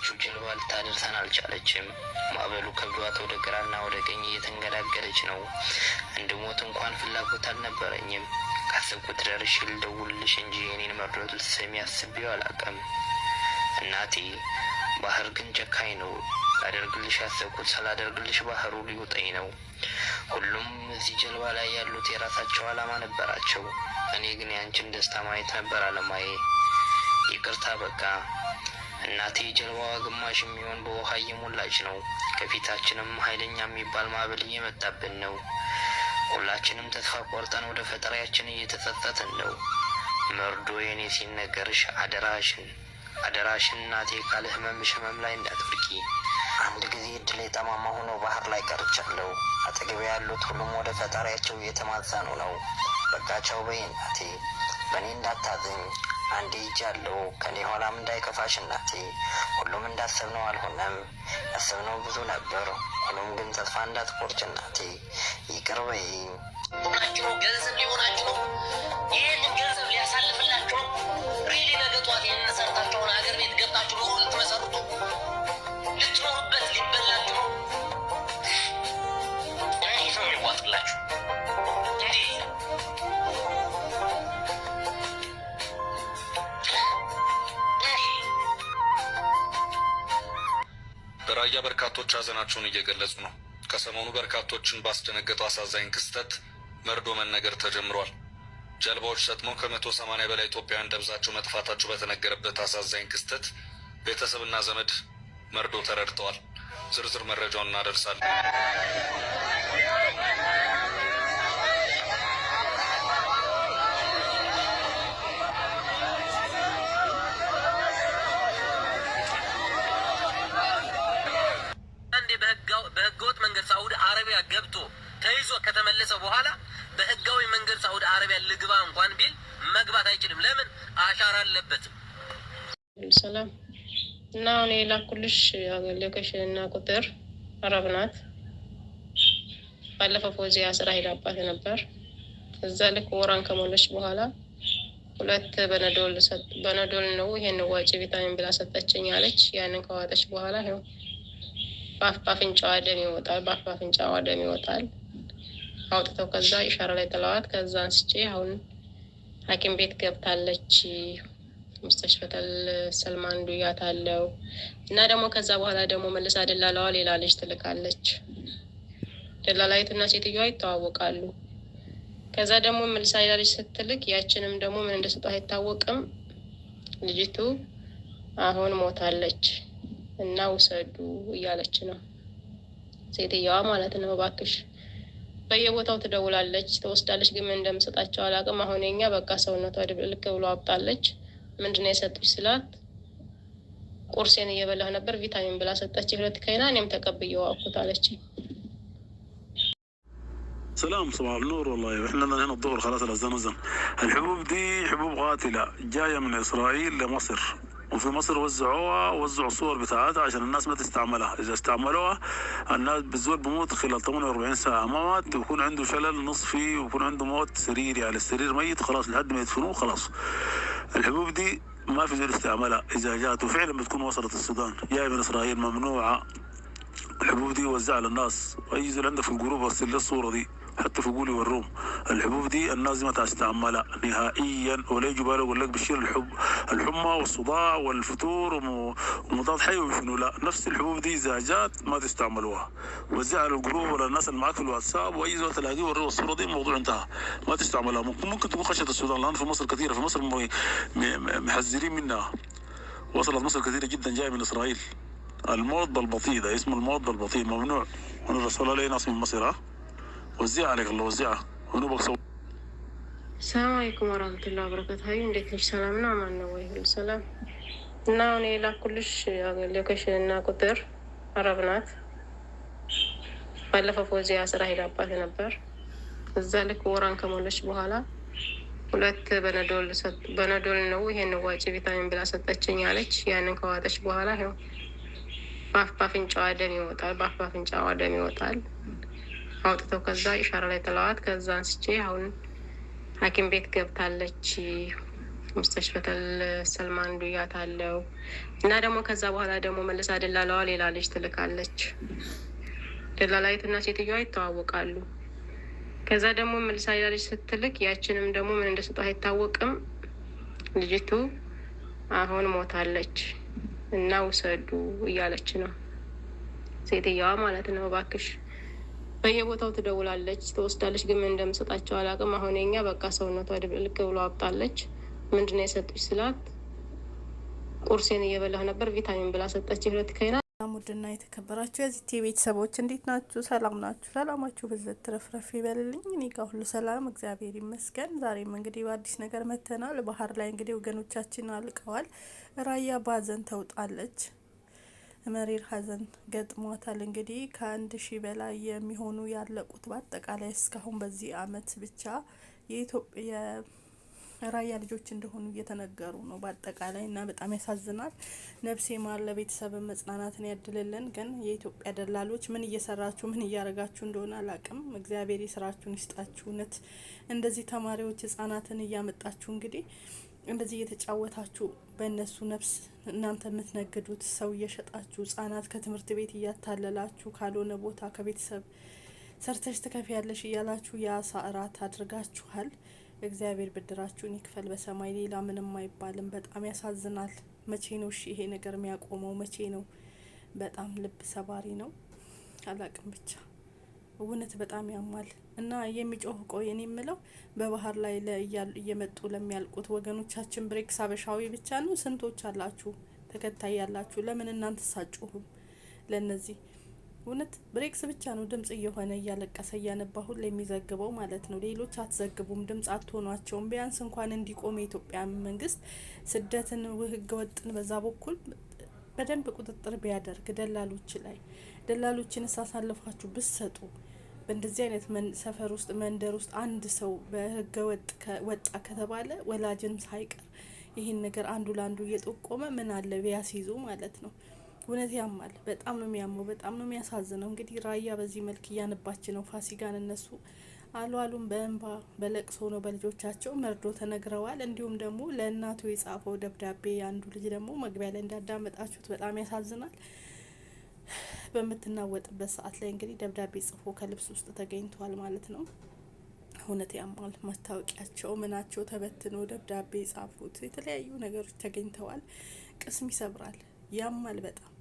የነበረችው ጀልባ ልታደርሰን አልቻለችም። ማዕበሉ ከብዷት ወደ ግራና ወደ ቀኝ እየተንገዳገደች ነው። እንድሞት እንኳን ፍላጎት አልነበረኝም። ካሰብኩት ደርሼ ልደውልልሽ እንጂ የኔን መርዶት ልትሰሚ አስቤው አላውቅም። እናቴ ባህር ግን ጨካኝ ነው። ላደርግልሽ ያሰብኩት ስላደርግልሽ ባህሩ ሊውጠኝ ነው። ሁሉም እዚህ ጀልባ ላይ ያሉት የራሳቸው ዓላማ ነበራቸው። እኔ ግን ያንችን ደስታ ማየት ነበር አለማዬ። ይቅርታ በቃ እናቴ ጀልባዋ ግማሽ የሚሆን በውሃ እየሞላች ነው። ከፊታችንም ኃይለኛ የሚባል ማዕበል እየመጣብን ነው። ሁላችንም ተስፋ ቆርጠን ወደ ፈጣሪያችን እየተጸጸትን ነው። መርዶ የኔ ሲነገርሽ አደራሽን አደራሽን እናቴ ካለ ህመምሽ ህመም ላይ እንዳትወድቂ። አንድ ጊዜ እድሌ ጠማማ ሆኖ ባህር ላይ ቀርቻለሁ። አጠገቤ ያሉት ሁሉም ወደ ፈጣሪያቸው እየተማጸኑ ነው። በቃቸው በይ እናቴ፣ በእኔ እንዳታዘኝ አንዴ ይጃለው ከኔ ኋላም እንዳይከፋሽ እናቴ። ሁሉም እንዳሰብነው አልሆነም። ያሰብነው ብዙ ነበር። ሁሉም ግን ተስፋ እንዳትቆርጭ እናቴ፣ ይቅር በይ። ገንዘብ ሊሆናችሁ ነው። ይህንን ገንዘብ ሊያሳልፍላችሁ ሪሊ ነገ ጠዋት ይህንን ሰርታችሁን ሀገር ቤት ገብታችሁ ኑሮ ልትመሰርቱ ልትኖሩበት ሊበላችሁ ነው። እንዴት ነው የሚዋጥላችሁ? አኳያ በርካቶች ሀዘናቸውን እየገለጹ ነው። ከሰሞኑ በርካቶችን ባስደነገጠው አሳዛኝ ክስተት መርዶ መነገር ተጀምሯል። ጀልባዎች ሰጥመው ከመቶ ሰማንያ በላይ ኢትዮጵያውያን ደብዛቸው መጥፋታቸው በተነገረበት አሳዛኝ ክስተት ቤተሰብና ዘመድ መርዶ ተረድተዋል። ዝርዝር መረጃውን እናደርሳለን። ገብቶ ተይዞ ከተመለሰ በኋላ በህጋዊ መንገድ ሳውዲ አረቢያ ልግባ እንኳን ቢል መግባት አይችልም። ለምን አሻራ አለበትም። ሰላም እና አሁን የላኩልሽ ሎኬሽን እና ቁጥር አረብ ናት። ባለፈው ፎዚያ ስራ ሄዳባት ነበር። እዛ ልክ ወራን ከሞለች በኋላ ሁለት በነዶል ነው ይሄን ዋጭ ቪታሚን ብላ ሰጠችኝ አለች። ያንን ከዋጠች በኋላ ይኸው በአፍ በአፍንጫዋ ደም ይወጣል። በአፍ በአፍንጫዋ ደም ይወጣል። አውጥተው ከዛ ኢሻራ ላይ ጥለዋት፣ ከዛ አንስቼ አሁን ሐኪም ቤት ገብታለች። ምስተሽፈተል ሰልማን ዱያት አለው እና ደግሞ ከዛ በኋላ ደግሞ መልሳ ደላላዋ ሌላ ልጅ ትልካለች። ደላላዊትና ሴትዮዋ ይተዋወቃሉ። ከዛ ደግሞ መልሳ ሌላ ልጅ ስትልክ ያችንም ደግሞ ምን እንደሰጧት አይታወቅም። ልጅቱ አሁን ሞታለች። እና ውሰዱ እያለች ነው ሴትየዋ ማለት ነው። እባክሽ በየቦታው ትደውላለች፣ ትወስዳለች፣ ግን ምን እንደምሰጣቸው አላውቅም። አሁን የኛ በቃ ሰውነቷ ድብልቅ ብሎ አብጣለች። ምንድነው የሰጡች ስላት ቁርሴን እየበላሁ ነበር ቪታሚን ብላ ሰጠች ሁለት ከይና እኔም ተቀብዬው አኩት አለች። ሰላም صباح النور والله احنا هنا الظهر خلاص الزمزم الحبوب دي حبوب قاتله جايه من اسرائيل لمصر وفي مصر وزعوها وزعوا صور بتاعتها عشان الناس ما تستعملها اذا استعملوها الناس بالزول بموت خلال 48 ساعه ما مات ويكون عنده شلل نصفي ويكون عنده موت سريري يعني السرير ميت خلاص لحد ما يدفنوه خلاص الحبوب دي ما في زول استعملها اذا جات وفعلا بتكون وصلت السودان جايه من اسرائيل ممنوعه الحبوب دي وزعها للناس اي زول عنده في الجروب ارسل لي الصوره دي حتى في قولي والروم الحبوب دي الناس ما تستعملها نهائيا ولا يجي بالك يقول لك بشير الحب الحمى والصداع والفتور ومضاد حيوي وشنو لا نفس الحبوب دي اذا جات ما تستعملوها وزعها للجروب ولا الناس اللي معاك في الواتساب واي زول تلاقيه وريه الصوره دي الموضوع انتهى ما تستعملها ممكن, تكون خشيه السودان الان في مصر كثيره في مصر محذرين منها وصلت مصر كثيره جدا جايه من اسرائيل المواد البطيء ده اسمه الموضة البطيء ممنوع من الرسول عليه ناس من مصر ها ወዚያ አለክላ ወዚያ ሁኑ በሰው ሰላም አለይኩም ወራህመቱላሂ ወበረካቱህ። እንዴት ነሽ? ሰላም ና ማን ነው ወይ ሁሉ ሰላም እና አሁን የላኩልሽ ሎኬሽን እና ቁጥር አረብ ናት። ባለፈው ፎዚያ ስራ ሄዳባት ነበር። እዛ ልክ ወራን ከሞለች በኋላ ሁለት በነዶል ነው ይሄን ዋጭ ቪታሚን ብላ ሰጠችኝ አለች። ያንን ከዋጠች በኋላ ይኸው በአፍ በአፍንጫዋ ደም ይወጣል። በአፍ በአፍንጫዋ ደም ይወጣል። አውጥተው ከዛ ኢሻራ ላይ ጥለዋት ከዛ አንስቼ አሁን ሐኪም ቤት ገብታለች። በተል ሰልማን ዱያት አለው እና ደግሞ ከዛ በኋላ ደግሞ መልሳ ደላለዋ ሌላ ልጅ ትልካለች። ደላላይትና ሴትዮዋ ይተዋወቃሉ። ከዛ ደግሞ መልሳ ሌላ ልጅ ስትልክ ያችንም ደግሞ ምን እንደሰጡ አይታወቅም። ልጅቱ አሁን ሞታለች እና ውሰዱ እያለች ነው ሴትዮዋ ማለት ነው። እባክሽ በየቦታው ትደውላለች፣ ትወስዳለች። ግን ምን እንደምሰጣቸው አላውቅም። አሁን የኛ በቃ ሰውነቷ ልክ ብሎ አብጣለች። ምንድነው የሰጡች ስላት ቁርሴን እየበላሁ ነበር ቪታሚን ብላ ሰጠች። ሁለት ከይና ሙድና የተከበራችሁ የዚህ ቤተሰቦች እንዴት ናችሁ? ሰላም ናችሁ? ሰላማችሁ በዘት ትረፍረፍ ይበልልኝ። እኔ ጋር ሁሉ ሰላም እግዚአብሔር ይመስገን። ዛሬም እንግዲህ በአዲስ ነገር መተናል። ባህር ላይ እንግዲህ ወገኖቻችን አልቀዋል። ራያ ባዘን ተውጣለች። መሪር ሀዘን ገጥሟታል። እንግዲህ ከአንድ ሺ በላይ የሚሆኑ ያለቁት በአጠቃላይ እስካሁን በዚህ አመት ብቻ የኢትዮጵያ ራያ ልጆች እንደሆኑ እየተነገሩ ነው በአጠቃላይ እና በጣም ያሳዝናል። ነፍሴ ማር ለቤተሰብ መጽናናትን ያድልልን። ግን የኢትዮጵያ ደላሎች ምን እየሰራችሁ ምን እያደረጋችሁ እንደሆነ አላቅም። እግዚአብሔር የስራችሁን ይስጣችሁ። እውነት እንደዚህ ተማሪዎች ህጻናትን እያመጣችሁ እንግዲህ እንደዚህ እየተጫወታችሁ በእነሱ ነፍስ እናንተ የምትነግዱት ሰው እየሸጣችሁ ህጻናት ከትምህርት ቤት እያታለላችሁ ካልሆነ ቦታ ከቤተሰብ ሰርተሽ ያለሽ እያላችሁ የአሳ እራት አድርጋችኋል። እግዚአብሔር ብድራችሁን ይክፈል በሰማይ ሌላ ምንም አይባልም። በጣም ያሳዝናል። መቼ ነው እሺ ይሄ ነገር የሚያቆመው? መቼ ነው? በጣም ልብ ሰባሪ ነው። አላቅም ብቻ እውነት በጣም ያማል እና የሚጮህ ቆይ እኔ የምለው በባህር ላይ እየመጡ ለሚያልቁት ወገኖቻችን ብሬክስ አበሻዊ ብቻ ነው? ስንቶች አላችሁ ተከታይ ያላችሁ? ለምን እናንተ ሳጩሁም ለነዚህ እውነት ብሬክስ ብቻ ነው ድምጽ እየሆነ እያለቀሰ እያነባ ሁሉ የሚዘግበው ማለት ነው። ሌሎች አትዘግቡም፣ ድምጽ አትሆኗቸውም። ቢያንስ እንኳን እንዲቆም የኢትዮጵያ መንግስት ስደትን ህገወጥን በዛ በኩል በደንብ ቁጥጥር ቢያደርግ ደላሎች ላይ ደላሎችን አሳልፋችሁ ብትሰጡ በእንደዚህ አይነት ሰፈር ውስጥ መንደር ውስጥ አንድ ሰው በህገ ወጥ ወጣ ከተባለ ወላጅም ሳይቀር ይህን ነገር አንዱ ለአንዱ እየጠቆመ ምን አለ ቢያስይዙ ማለት ነው። እውነት ያማል። በጣም ነው የሚያመው። በጣም ነው የሚያሳዝነው። እንግዲህ ራያ በዚህ መልክ እያነባች ነው ፋሲጋን። እነሱ አሉ አሉም በእንባ በለቅሶ ነው በልጆቻቸው መርዶ ተነግረዋል። እንዲሁም ደግሞ ለእናቱ የጻፈው ደብዳቤ የአንዱ ልጅ ደግሞ መግቢያ ላይ እንዳዳመጣችሁት በጣም ያሳዝናል። በምትናወጥበት ሰዓት ላይ እንግዲህ ደብዳቤ ጽፎ ከልብስ ውስጥ ተገኝቷል ማለት ነው። እውነት ያማል። ማስታወቂያቸው ምናቸው ተበትኖ ደብዳቤ ጻፉት የተለያዩ ነገሮች ተገኝተዋል። ቅስም ይሰብራል፣ ያማል በጣም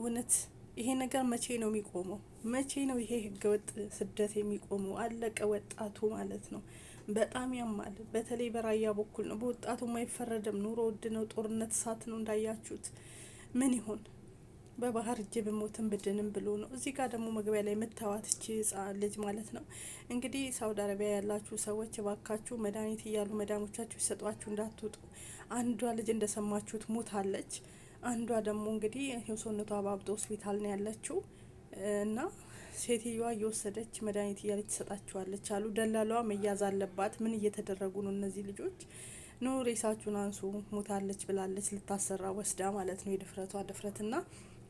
እውነት። ይሄ ነገር መቼ ነው የሚቆመው? መቼ ነው ይሄ ህገወጥ ስደት የሚቆመው? አለቀ ወጣቱ ማለት ነው። በጣም ያማል። በተለይ በራያ በኩል ነው። በወጣቱም አይፈረድም። ኑሮ ውድ ነው፣ ጦርነት፣ እሳት ነው እንዳያችሁት። ምን ይሆን በባህር እጄ ብሞትን ብድንም ብሎ ነው። እዚህ ጋር ደግሞ መግቢያ ላይ የምታዋት እቺ ህጻን ልጅ ማለት ነው። እንግዲህ ሳውዲ አረቢያ ያላችሁ ሰዎች እባካችሁ መድኃኒት እያሉ መዳሞቻችሁ ይሰጧችሁ እንዳትውጡ። አንዷ ልጅ እንደሰማችሁት ሞታለች። አንዷ ደግሞ እንግዲህ ይኸው ሰውነቷ አባብጦ ሆስፒታል ነው ያለችው እና ሴትዮዋ እየወሰደች መድኃኒት እያለች ትሰጣችኋለች አሉ። ደላሏ መያዝ አለባት። ምን እየተደረጉ ነው እነዚህ ልጆች? ኖ ሬሳችሁን አንሱ ሞታለች ብላለች። ልታሰራ ወስዳ ማለት ነው። የድፍረቷ ድፍረትና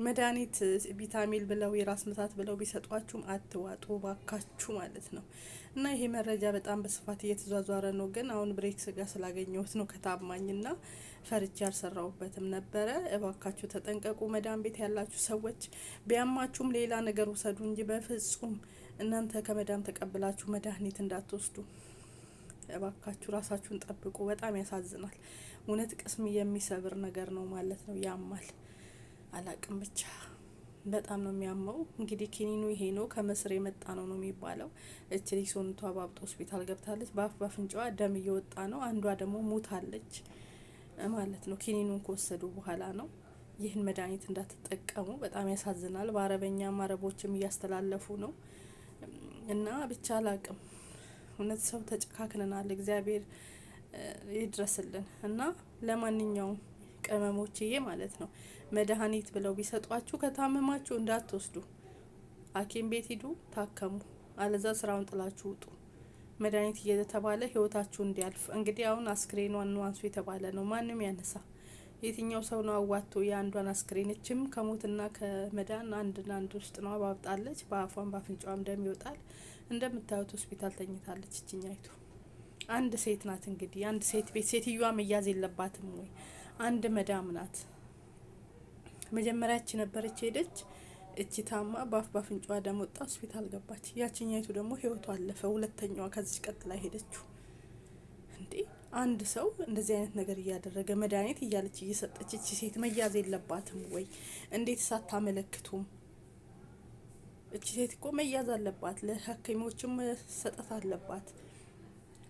መድኃኒት ቪታሚል ብለው የራስ ምታት ብለው ቢሰጧችሁም አትዋጡ ባካችሁ ማለት ነው። እና ይሄ መረጃ በጣም በስፋት እየተዟዟረ ነው። ግን አሁን ብሬክስ ጋር ስላገኘሁት ነው ከታማኝና ፈርቼ አልሰራሁበትም ነበረ። እባካችሁ ተጠንቀቁ። መዳን ቤት ያላችሁ ሰዎች ቢያማችሁም ሌላ ነገር ውሰዱ እንጂ በፍጹም እናንተ ከመዳም ተቀብላችሁ መድኃኒት እንዳትወስዱ። እባካችሁ ራሳችሁን ጠብቁ። በጣም ያሳዝናል። እውነት ቅስም የሚሰብር ነገር ነው ማለት ነው። ያማል። አላቅም ብቻ በጣም ነው የሚያመው። እንግዲህ ኪኒኑ ይሄ ነው፣ ከምስር የመጣ ነው ነው የሚባለው። እች ልጅ ሰውነቷ ባብጦ ሆስፒታል ገብታለች። በአፍ ባፍንጫዋ ደም እየወጣ ነው። አንዷ ደግሞ ሞታለች ማለት ነው። ኪኒኑን ከወሰዱ በኋላ ነው። ይህን መድኃኒት እንዳትጠቀሙ በጣም ያሳዝናል። በአረበኛም አረቦችም እያስተላለፉ ነው እና ብቻ አላቅም። እውነት ሰው ተጨካክነናል። እግዚአብሔር ይድረስልን እና ለማንኛውም ቅመሞችዬ ማለት ነው መድኃኒት ብለው ቢሰጧችሁ ከታመማችሁ እንዳትወስዱ። ሐኪም ቤት ሂዱ፣ ታከሙ፣ አለዛ ስራውን ጥላችሁ ውጡ። መድኃኒት እየተባለ ህይወታችሁ እንዲያልፍ። እንግዲህ አሁን አስክሬኗን አንሱ የተባለ ነው። ማንም ያነሳ የትኛው ሰው ነው አዋጥቶ የአንዷን አስክሬን? ከሞትና ከመዳን አንድና አንድ ውስጥ ነው። አባብጣለች፣ በአፏን በአፍንጫዋም ደም ይወጣል። እንደምታዩት ሆስፒታል ተኝታለች። እችኛይቱ አንድ ሴት ናት። እንግዲህ አንድ ሴት ቤት ሴትዮዋ መያዝ የለባትም ወይ? አንድ መዳም ናት። መጀመሪያች ነበረች ሄደች። እቺ ታማ ባፍ ባፍንጫዋ ደም ወጣ፣ ሆስፒታል ገባች። ያችኛይቱ ደግሞ ህይወቷ አለፈ። ሁለተኛዋ ከዚች ቀጥላ ሄደችው። እንዴ አንድ ሰው እንደዚህ አይነት ነገር እያደረገ መድኃኒት እያለች እየሰጠች እቺ ሴት መያዝ የለባትም ወይ? እንዴት ሳታመለክቱም? እቺ ሴት እኮ መያዝ አለባት፣ ለሐኪሞችም መሰጠት አለባት።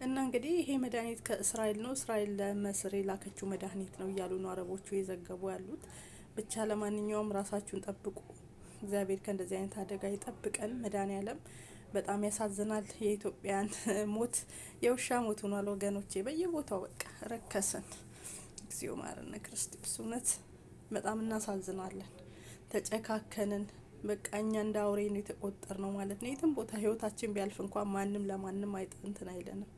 እና እንግዲህ ይሄ መድኃኒት ከእስራኤል ነው፣ እስራኤል ለመስር የላከችው መድኃኒት ነው እያሉ ነው አረቦቹ የዘገቡ ያሉት። ብቻ ለማንኛውም ራሳችሁን ጠብቁ። እግዚአብሔር ከእንደዚህ አይነት አደጋ ይጠብቀን። መድኃኔዓለም በጣም ያሳዝናል። የኢትዮጵያን ሞት የውሻ ሞት ሆኗል ወገኖቼ፣ በየቦታው በቃ ረከሰን። እግዚኦ ማረነ ክርስቶስ። እውነት በጣም እናሳዝናለን። ተጨካከንን። በቃ እኛ እንደ አውሬ ነው የተቆጠር ነው ማለት ነው። የትም ቦታ ህይወታችን ቢያልፍ እንኳን ማንም ለማንም አይጥ አይለንም።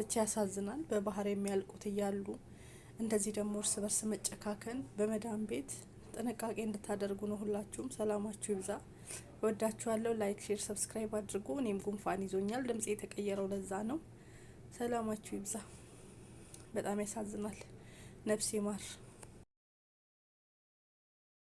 ብቻ ያሳዝናል። በባህር የሚያልቁት እያሉ እንደዚህ ደግሞ እርስ በርስ መጨካከን በመዳን ቤት ጥንቃቄ እንድታደርጉ ነው። ሁላችሁም ሰላማችሁ ይብዛ። ወዳችኋለሁ። ላይክ፣ ሼር፣ ሰብስክራይብ አድርጉ። እኔም ጉንፋን ይዞኛል፣ ድምጽ የተቀየረው ለዛ ነው። ሰላማችሁ ይብዛ። በጣም ያሳዝናል። ነፍስ ይማር።